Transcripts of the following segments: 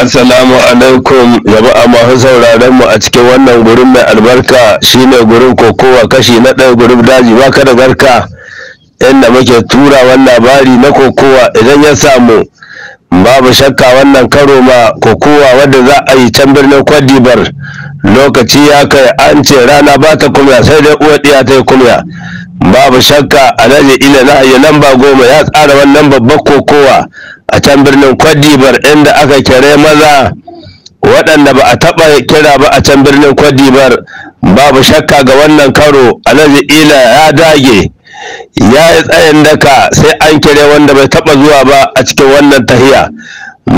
Assalamu alaikum jama'a masu sauraron mu a cikin wannan gurin mai albarka shine gurin kokowa kashi na ɗaya gurin daji baka da barka inda muke tura wannan labari na kokowa idan ya samu babu shakka wannan karo ma kokowa wadda za a yi can birnin kwadibar lokaci ya kai an ce rana ba ta kumya sai dai uwa ɗiya ta yi kumya babu shakka alhaji ila na ayyana lamba goma ya tsara wannan babbar kokowa a can birnin kwadibar inda aka kere maza waɗanda ba a taɓa kira ba a can birnin kwadibar babu shakka ga wannan karo alhaji ila ya dage ya yi tsayin daka sai an kira wanda bai taɓa zuwa ba a cikin wannan tahiya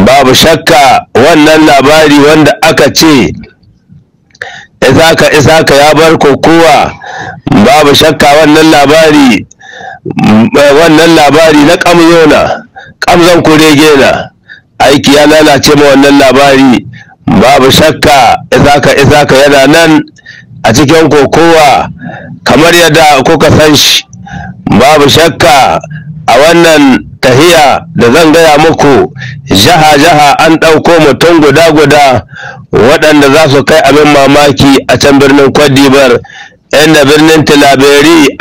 babu shakka wannan labari wanda aka ce isaka isaka ya bar kokowa babu shakka wannan labari eh, wannan labari na kamyona kure gela aiki ya lalace ma wannan labari babu shakka izaka izaka yana nan a cikin kokowa kamar yadda kuka san shi babu shakka a wannan tahiya da zan gaya muku jaha-jaha an ɗauko mutum guda-guda waɗanda za su kai abin mamaki a can birnin kwadibar inda birnin tilaberi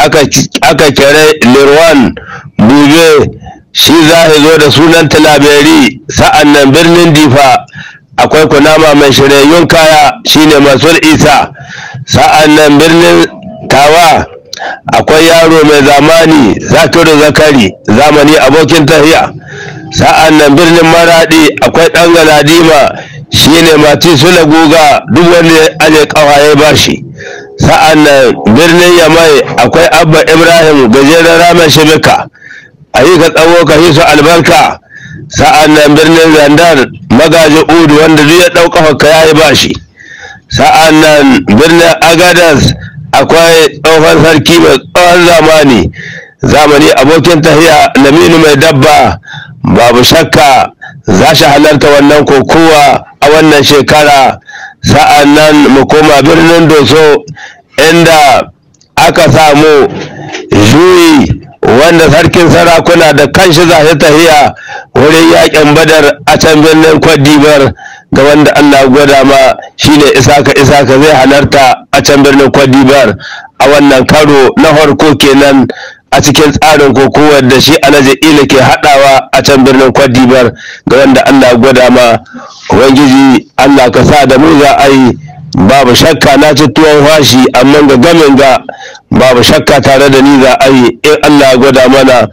aka kere lirwan buje shi za a zo da sunan talaberi sa'an birnin difa akwai kunama mai shirayyun kaya shine mansur isa sa'an birnin tawa akwai yaro mai zamani zakiru zakari zamani abokin tahiya sa'an nan birnin Maradi akwai ɗan galadima shine mati sula guga duk wanda aje ƙawaye ba shi sa'an birnin yamai akwai abba ibrahim gajeren ramar shibika ayi ka tsawo ka yi su albarka sa'an nan birnin zandar magaji udu wanda zai ya ɗauka haka ya yi bashi sa'an nan birnin agadas akwai tsohon sarki mai tsawon zamani zamani abokin tahiya laminu mai dabba babu shakka za shi halarta wannan kokowa a wannan shekara sa'an nan mu koma birnin doso inda aka samu juyi wanda sarkin sarakuna da kanshi za su tahiya wurin yakin badar a can birnin kwadibar ga wanda Allah gwada ma shine isaka isaka zai halarta a can birnin kwadibar a wannan karo na harko kenan a cikin tsarin kokowar da shi alhaji ila ke haɗawa a can birnin kwadibar ga wanda Allah gwada ma ubangiji Allah ka sa da mu za a yi babu shakka na ci tuwon fashi amma ga gamin ga babu shakka tare da ni za a yi in Allah gwada mana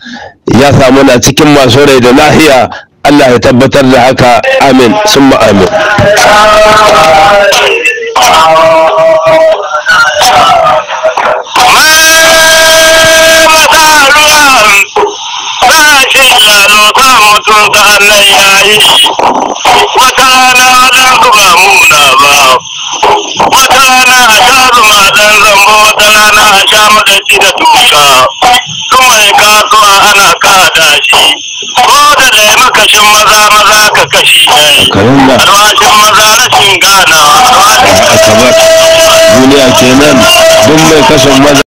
ya samu na cikin masu rai da lahiya Allah ya tabbatar da haka amin sun amin Wata rana alwashin maza maza ka kashi alwashin maza rashin gana alwashin akabar duniya kenan duk mai kashin maza